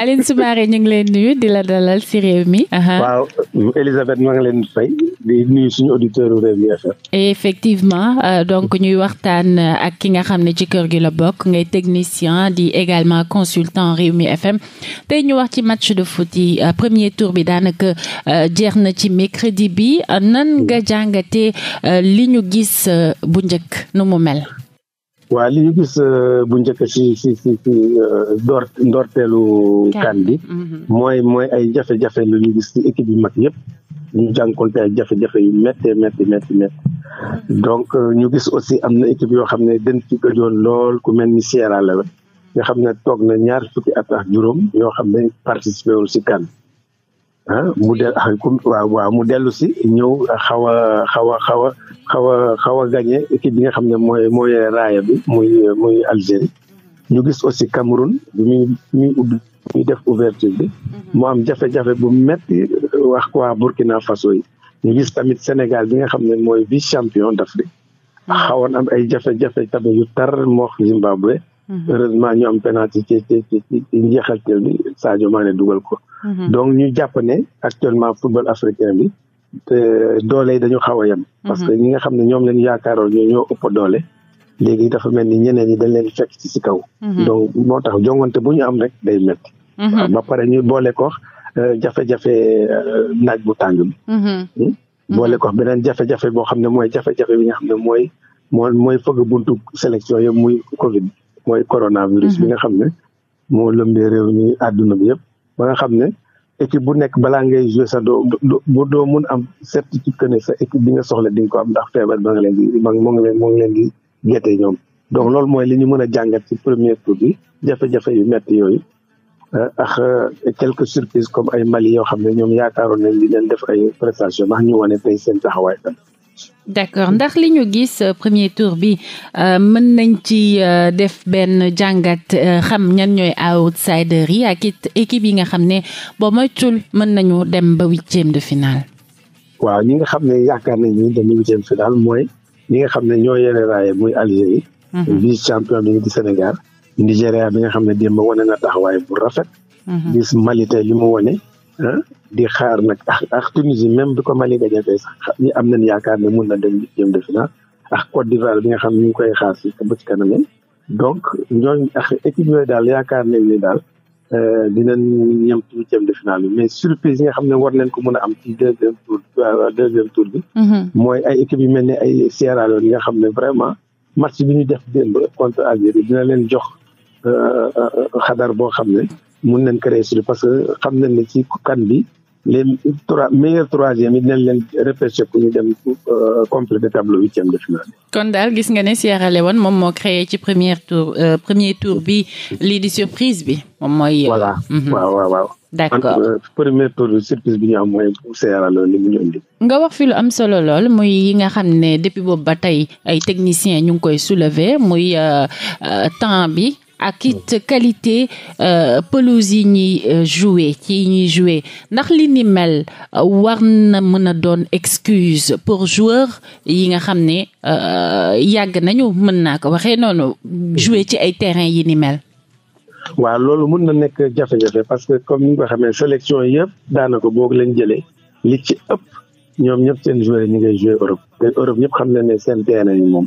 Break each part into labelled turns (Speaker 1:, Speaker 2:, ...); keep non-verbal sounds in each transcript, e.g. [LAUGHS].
Speaker 1: Aline Soumaré ñu ngi leen nuyu di la dalal si réew mi. waaw
Speaker 2: euh, Elisabeth maa ngi leen fay di nuyu suñu auditeurs yu
Speaker 1: euh, donc ñuy waxtaan ak ki nga xam ne ci kër gi la bokk ngay technicien di également consultant Rewmi FM tey ñu wax ci match de foot yi euh, premier tour bi daanaka jeex na ci mercredi bi nan nga jàngatee li ñu gis bu njëkk nu mu mel.
Speaker 2: waa li ñu gis euh, bu njëkk si si si si door ndorteelu kan bi mhm. mooy mooy ay jafe-jafe lu ñu gis ci équipe yu mag yëpp ñu jànkoonte ay jafe-jafe yu méttee métti métti métti mhm. donc euh, ñu gis aussi am na équipe yoo xam ne den ci gëjoon lool ku mel ni Sierra Leone nga xam ne toog na ñaar fukki at ak juróom yoo xam ne participé wul si mu del ah, waaw waaw mu dellu si ñëw xaw a xaw a xaw a xaw a xaw a gagné bi nga xam ne mooy mooy raaya bi muy muy Algérie ñu gis aussi Cameroun bi muy muy udd muy def ouverture bi mu am jafe-jafe bu metti euh, wax waa Burkina Faso yi ñu gis tamit Sénégal bi nga xam ne mooy bi champion d'Afrique mm. xawoon am ay jafe-jafe tamit yu tar moox Zimbabwe Mm-hmm. heureusement ñu am penalty ci ci ci ci njeexalteel bi Sadio Mané dugal ko. Mm-hmm. donc ñu jàpp ne actuellement football africain bi doole yi dañu xaw a yem. Mm-hmm. parce que ñi nga xam ne ñoom lañu yaakaaroon ñoo ñoo ëpp léegi dafa mel ni ñeneen ñi dañ leen fekk ci si kaw. moo tax jongante bu ñu am rek day métti. ba pare ñu boole ko euh, jafe-jafe euh, naaj bu tàng bi.
Speaker 3: Hmm?
Speaker 2: ko beneen jafe boo xam ne mooy jafe bi nga mooy mooy mooy fëgg buntu sélection yëpp muy Covid. mooy coronavirus bi mhm. nga xam ne moo lëmbee réew mi àdduna bi yëpp ba nga xam ne équipe bu nekk balaa ngay joué sa doo bu doo mun am certitude que ne sa équipe bi nga soxla di ko am ndax feebar ba nga leen di ma moo ngi leen moo ngi leen di ñoom donc loolu mooy li ñu mën a jàngat ci première tour bi jafe-jafe yu metti yooyu euh, ak euh, quelques surprises comme ay Mali yoo xam ne ñoom yaakaaroon nañ di leen def ay prestations ndax ñu wane tey seen taxawaay tam
Speaker 1: d'accord ndax li ñu gis euh, premier tour bi euh, mën nañ ci euh, def benn jàngat xam ñan ñooy outsider yi ak it équipe yi nga xam ne boo moytul mën nañu dem ba huitième de finale.
Speaker 2: waaw ñi nga xam ne yaakaar nañ ñu dem huitième finale mooy ñi nga xam ne ñoo yore raaye muy Algérie. Mhm. vice champion bi nga xam ne démb wane na taxawaay bu rafet. Mhm. gis Mali li mu wane. di xaar nag ak ak Tunisie même bi ko Mali gagné tey sax ñu am nañ yaakaar ne mun na dem huitième de finale ak Côte d'Ivoire bi nga xam ñu ngi koy xaar si ba ci kanam donc ñooñu ak équipe yooyu daal yaakaar nañ ni daal euh, dinañ ñam huitième de finale bi mais surprise yi nga xam ne war nañ ko mën a am ci deuxième tour euh, tour bi. Mm-hmm. mooy ay équipe yu mel ne ay Sierra yi nga xam ne vraiment match bi ñu def démb contre Algérie dina leen jox euh, xadar boo xam ne. mun nañ créer sur parce que xam nañ ne ci kan bi les trois meilleurs troisième yi dinañ leen repêché ku ñu dem euh, complété tableau huitième de finale.
Speaker 1: kon daal gis nga ne Sierra Leone moom moo créé ci premier tour euh, premier tour bi lii di surprise bi moom mooy. Euh, voilà mhm. waaw
Speaker 2: waaw waaw. d'accord premier tour bi surprise bi ñu am mooy Sierra Leone li mu ñu indi.
Speaker 1: nga wax fi lu am solo lool muy yi nga xam ne depuis boobu ba tey ay techniciens ñu ngi koy soulever muy temps bi. ak it qualité euh, pelouse yi ñuy euh, jouer ci ñuy jouer ndax li ni mel euh, war na mën a doon excuse pour joueur yi nga xam ne yàgg nañu mën naa ko waxee noonu jouer ci ay terrain yi ni mel
Speaker 2: waaw loolu mën na nekk jafe-jafe parce que comme ni nga xamee sélection yëpp daanaka boog leen jëlee li ci ëpp ñoom ñëpp seen joueur ñu ngay jouer Europe te Europe ñëpp xam na ne seen terrain yi moom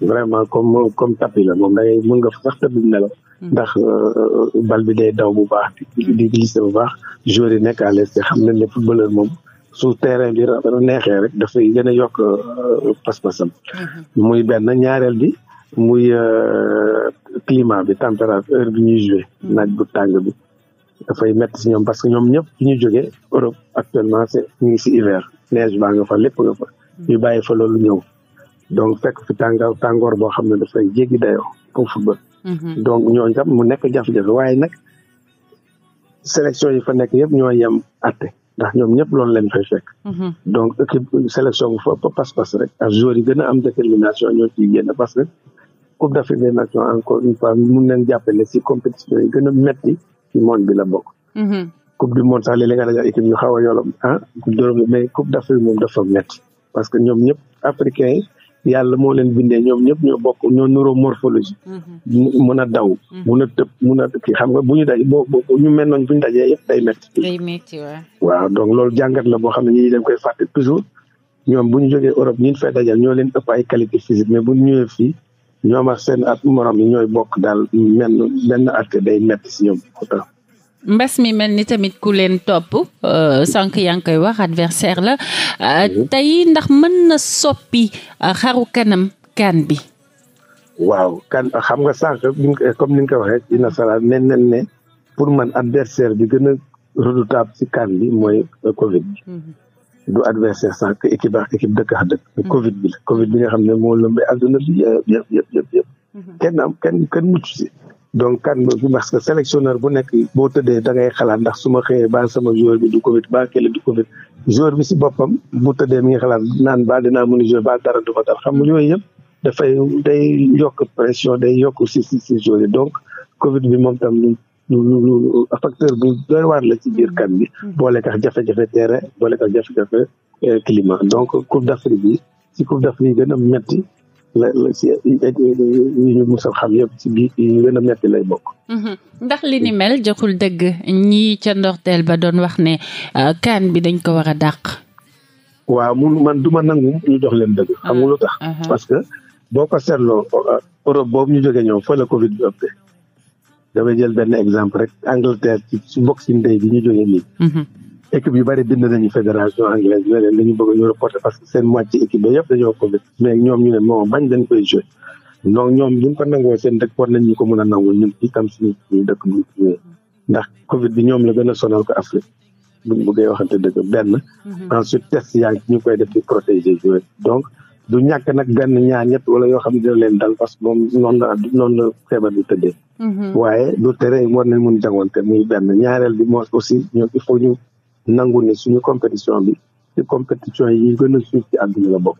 Speaker 2: vraiment comme comme tapis la moom dangay mën nga fa sax tëdd nelaw hmm. ndax euh, euh, bal bi day daw bu baax di glisser bu baax joueur yi nekk à xam nañ ne footballeur moom su terrain bi neexee rek dafay gën a yokk euh, pas-pasam hmm. muy benn ñaareel bi muy climat bi température bi ñuy joué hmm. naaj bu tàng bi dafay métti si ñoom parce que ñoom ñëpp fi ñu jógee Europe actuellement c'est ngi si hiver neige baa nga fa lépp nga fa ñu bàyyi fa loolu ñëw donc fekk fi tàngoor tàngoor boo xam ne dafay jéggi dayoo pour football. Mhm. donc ñooñu tam mu nekk jafe-jafe waaye nag sélection yi fa nekk yëpp ñoo yem atte ndax ñoom ñëpp loolu leen fay fekk. Mhm. donc équipe sélection bu fa pas-pas rek ak joueurs yi gën a am détermination ñoo ciy génn parce que Coupe d'Afrique des Nations encore une fois mun nañ jàppale si compétition yi gën a metti ci monde bi la bokk. Mhm. coupe du monde sax léeg-léeg nga dajal équipe ñu xaw a ah, parce que ñoom ñëpp africains yi. yàlla moo leen bindee ñoom ñëpp ñoo bokk ñoo neuromorphologie mhm. mun a daw mhm. mun a tëb mun a kii xam nga bu ñu daj boo ñu mel noonu bu ñu dajee yëpp day métti day waaw donc loolu jàngat la boo xam ne ñi dañ koy toujours ñoom bu ñu jógee Europe ñun fay dajal ñoo leen ëpp ay qualité physique mais bu ñu ñëwee fii ñoom a seen at moroom yi ñooy bokk daal menn benn at day métti si ñoom
Speaker 1: mbas mi mel ni tamit ku leen topp euh, sànq yaa ngi koy wax adversaire la euh, tey ndax mën na soppi euh, xaru kanam kaan bi.
Speaker 2: waaw kan xam nga sànq comme ni nga ko waxee dina salaat nee nañ ne pour man adversaire bi gën a redoutable ci kan bi mooy Covid bi. Mhm. du adversaire sànq équipe ak équipe dëkk ak dëkk. Mhm. Covid bi la Covid bi nga xam ne moo lëmbee adduna bi yëpp yëpp yëpp mhm. kenn am mucc si. donc kan boobu parce que sélectionneur bu nekk boo tëddee da ngay xalaat ndax su ma xëyee ba sama joueur bi du Covid baa kële du Covid joueur bi si boppam bu tëddee mi ngi xalaat naan ba dinaa mën a jouer ba dara du ma dal xam yooyu yëpp dafay day yokk pression day yokk si si si joueur yi donc Covid bi moom tam lu lu facteur bu doy waar la ci biir kan bi mm-hmm. boole tax jafe-jafe terrain boole tax jafe-jafe euh, climat donc Coupe d'Afrique bi si Coupe d'Afrique gën a metti la la si yi ñu musal xam yëpp lay bokk.
Speaker 1: Mhm. ndax li ni mel joxul dëgg ñii ca ndorteel ba doon wax ne euh, kaan bi dañ ko war dàq.
Speaker 2: waaw mun man duma nangu ñu jox leen dëgg. xam nga tax. Mhm. Mhm. parce que boo ko seetloo euh, Europe boobu ñu jógee ñoom fa la Covid bi ëppee. damay jël benn exemple rek Angleterre ci boxing day bi ñu jógee nii. équipe yu bëri bind nañu fédération anglaise ne leen dañu bëgg ñu reporté parce que seen moitié équipe ba yëpp dañoo covid mais ñoom ñu ne moo bañ dañ koy joué donc ñoom buñ ko nangoo seen dëkk war nañ ñu ko mën a nangoo ñun itam suñu suñu dëkk bu ñu ndax covid bi ñoom la gën a sonal ko Afrique buñ bëggee waxante dëgg benn mhm. ensuite test yaa ngi ñu koy def di protéger joué donc du ñàkk nag benn ñaar ñett wala yoo xam ne dina leen dal parce que moom noonu la la feebar bi tëddee mhm. waaye du tere war nañ mun jangoonte muy benn ñaareel bi moo aussi ñoom ñu nangu ne suñu compétition bi ci compétition yi gën a suuf ci àdduna la bokk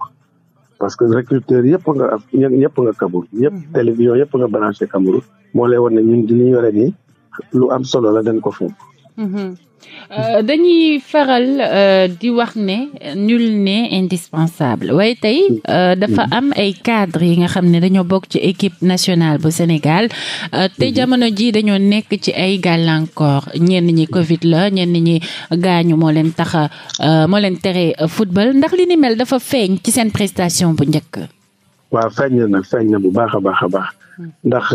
Speaker 2: parce que recruteur yëpp nga af ñëpp nga kabur yëpp mhm. télévision yëpp nga branché Cameroun moo lay wan ne ñun di ñu yore nii lu am solo la dañ ko fekk
Speaker 3: Mhm.
Speaker 1: Euh, dañuy faral euh, di wax ne nul ne indispensable waaye tey euh, dafa am ay cadres yi nga xam ne dañoo bokk ci équipe nationale bu Sénégal te mhm. jamono ji dañoo nekk ci ay gàllankoor ñenn ñi Covid la ñenn ñi gaañu moo leen tax moo leen tere football ndax li ni mel dafa feeñ ci seen prestation bu njëkk.
Speaker 2: waaw feeñ na nag feeñ na bu baax a baax a baax. Hmm. ndax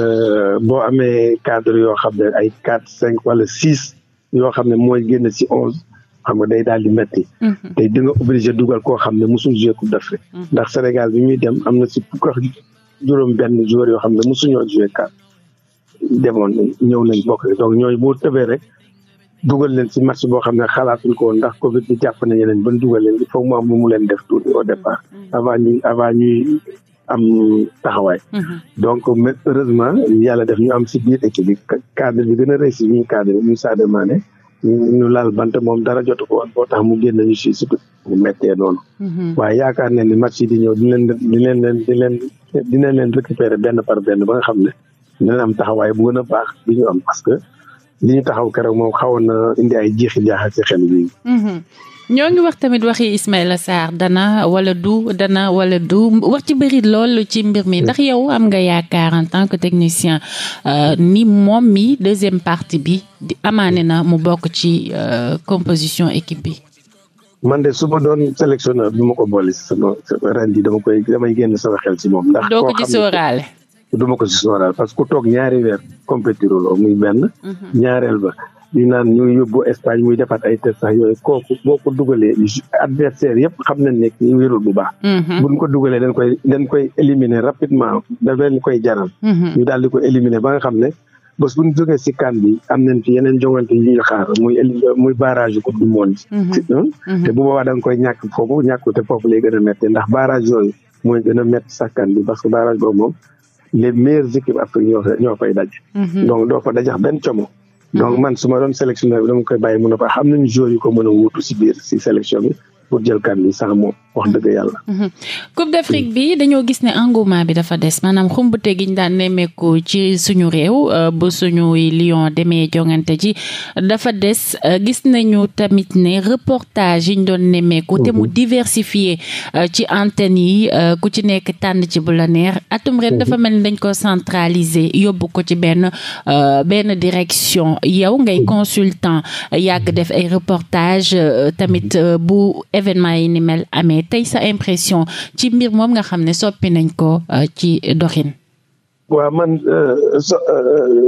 Speaker 2: boo amee cadre yoo xam ne ay quatre cinq wala six. yoo xam ne mooy génn ci onze xam nga day daal di metti mhm. te di nga dugal koo xam ne musul jouer coupe d'Afrique mhm. ndax Sénégal bi muy dem am na ci fukk ak juróom benn joueur yoo xam ne musuñoo jouer CAN demoon ñëw nañ bokk donc ñooñu boo tëbee rek dugal leen ci match boo xam ne xalaatuñ ko woon ndax Covid bi jàpp nañu leen ban dugal leen il faut mu am mu leen def tuuti au départ mhm. avant ñuy avant ñuy am taxawaay. Mhm. donc mais heureusement yàlla def ñu am si biir équipe bi cadre bi gën a réussir ñu cadre bi ñu Sadio Mané ñu laal bant moom dara jotu ko woon boo tax mu génn ñu si surtout mu méttee noonu. Mhm. waaye yaakaar nañ ni match yi di ñëw di leen di leen di leen dinañ leen récupérer benn par benn ba nga xam ne dinañ am taxawaay bu gën a baax bi ñu am parce que li ñu taxaw keroog moom xawoon na indi ay jiixi jaaxa ci xel bi.
Speaker 1: Mhm. ñoo ngi wax tamit waxi Ismaïla Sarr dana wala du dana wala du wax ci bëri lool ci mbir mi ndax yow am nga yaakaar en tant que technicien euh, ni moom mi deuxième partie bi di amaane na mu bokk ci euh, composition équipe bi.
Speaker 2: man de su ma doon sélectionneur bi ma ko boole si sama ren ji dama koy damay génn sama xel si moom. ndax doo ko ci sóoraale. du ma ko ci sóoraale parce que ku toog ñaari weer compétiruloo muy benn. Mhm. ñaareel ba. ñu naan ñu yóbbu Espagne muy defaat ay test sax yooyu kooku boo ko dugalee adversaire yëpp xam nañ ne ñu wérul bu baax. Mm-hmm. buñ ko dugalee dañ koy dañ koy éliminer rapidement daf leen koy jaral. Mm-hmm. daal di ko éliminer ba nga xam ne bés bu ñu jógee si kan bi am nañ fi yeneen jongante yu ñuy xaar muy muy barrage coupe du monde. Mm-hmm. te bu boobaa da nga koy ñàkk foofu ñàkk te foofu lay gën a métti ndax barrage yooyu mooy gën a métti sa kan bi parce que barrage boobu moom le meilleures équipes africaines ñoo fay daj. donc doo fa dajax benn como. donc man suma ma doon sélectionneur bi dama koy bàyyi mu ne ko xam nañu joueurs ko mën a wuutu si biir si sélection bi pour jël
Speaker 1: mhm. Coupe d'Afrique bi dañoo gis ne engouement bi dafa des maanaam xumbute gi ñu daan nemmeeku ci suñu réew euh, bu suñuy Lion demee jongante ji dafa des euh, gis nañu tamit ne reportage yi ñu doon nemmeeku. te mu mhm. diversifié euh, ci antenne yi ku ci nekk tànn ci bu la atum ren mhm. dafa mel ni dañ ko centraliser yóbbu ko ci benn benn direction yow ngay consultant yàgg def ay reportage tamit bu. événement yi ni mel amee tey sa impression ci mbir moom nga xam ne soppi nañ ko euh, ci doxin.
Speaker 2: waaw man euh, so euh,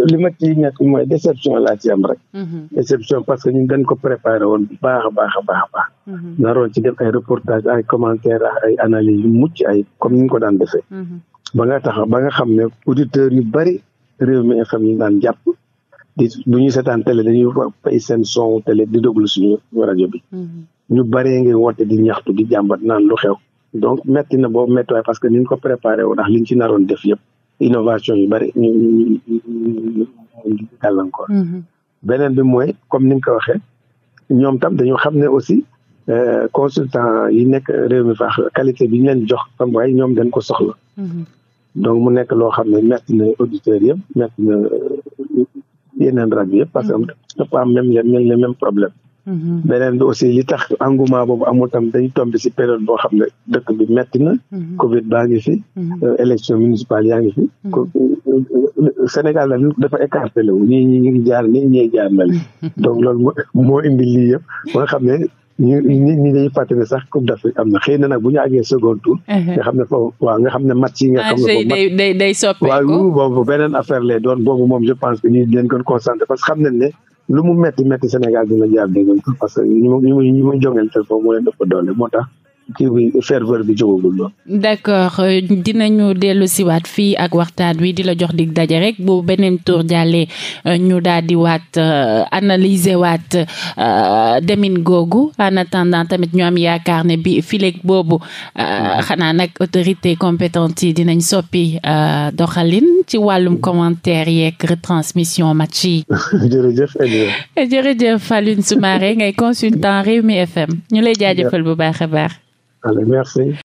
Speaker 2: li ma ciy nekk mooy déception la ci am rek. Mhm. déception parce que ñu dañ ko préparé woon baax a baax baax a baax. Mhm. ci def ay reportage ay commentaire ay analyse yu muc ay comme ni ñu ko daan defee. Mhm. ba nga tax ba nga xam ne auditeurs yu bari réew mi FM ñu daan jàpp. di bu ñuy seetaan télé dañuy fay seen son télé di déglu suñu rajo bi. ñu baree ngi woote di ñaxtu di jàmbat naan lu xew donc metti na boobu méttiwaay parce que ni ñu ko préparé wu ndax liñ ci naroon def yëpp innovation yu bari ñu ñu ñu gàllankoor. Mhm. beneen bi mooy comme ni nga ko waxee ñoom tam dañu xam ne aussi euh, consultant yi nekk réew mi faax qualité bi ñu leen jox tam waaye ñoom dañ ko soxla. Mhm. donc mu nekk loo xam ne metti na auditeurs yëpp metti na euh, yeneen yëpp parce que mhm. dafa am problème. Mhm. beneen bi aussi li tax engouement boobu amul tam dañu tombé ci période boo xam ne dëkk bi metti na. Mhm. Covid baa ngi fi. Mhm. Euh, élection municipale yaa ngi fi. Euh, euh, Sénégal la dafa écarté la ñii ñi ngi jaar nii ñii jaar na li donc loolu moo indi lii yëpp ba nga xam ne. ñu ñi ñi dañuy fàttali sax Coupe d'Afrique am na xëy na nag bu ñu àggee second tour. nga xam ne foofu waaw nga xam ne match yi nga. xam ne ah, foofu day
Speaker 1: day day soppeeku
Speaker 2: waaw boobu beneen affaire lay doon boobu moom je pense que ñu leen gën concentré parce que xam nañ ne lu mu metti metti Sénégal dina jaar deuxième tour parce que ñu mu ñu mu ñu mu doole moo kii bi ferveur bi jógagul lool.
Speaker 1: d'accord euh, dinañu dellu siwaat fii ak waxtaan wi di la jox dig daja rek bu beneen tour jàllee euh, ñu daal di waat euh, analyser waat demin googu en attendant tamit ñu am yaakaar ne bi fileeg boobu xanaa nag autorité compétente yi dinañ soppi doxalin ci wàllum commentaire yeeg retransmission match yi.
Speaker 2: [LAUGHS] jërëjëf
Speaker 3: jërëjëf Alioune Soumaré ngay consultant Rewmi FM ñu lay jaajëfal bu baax a baax. Allez, merci.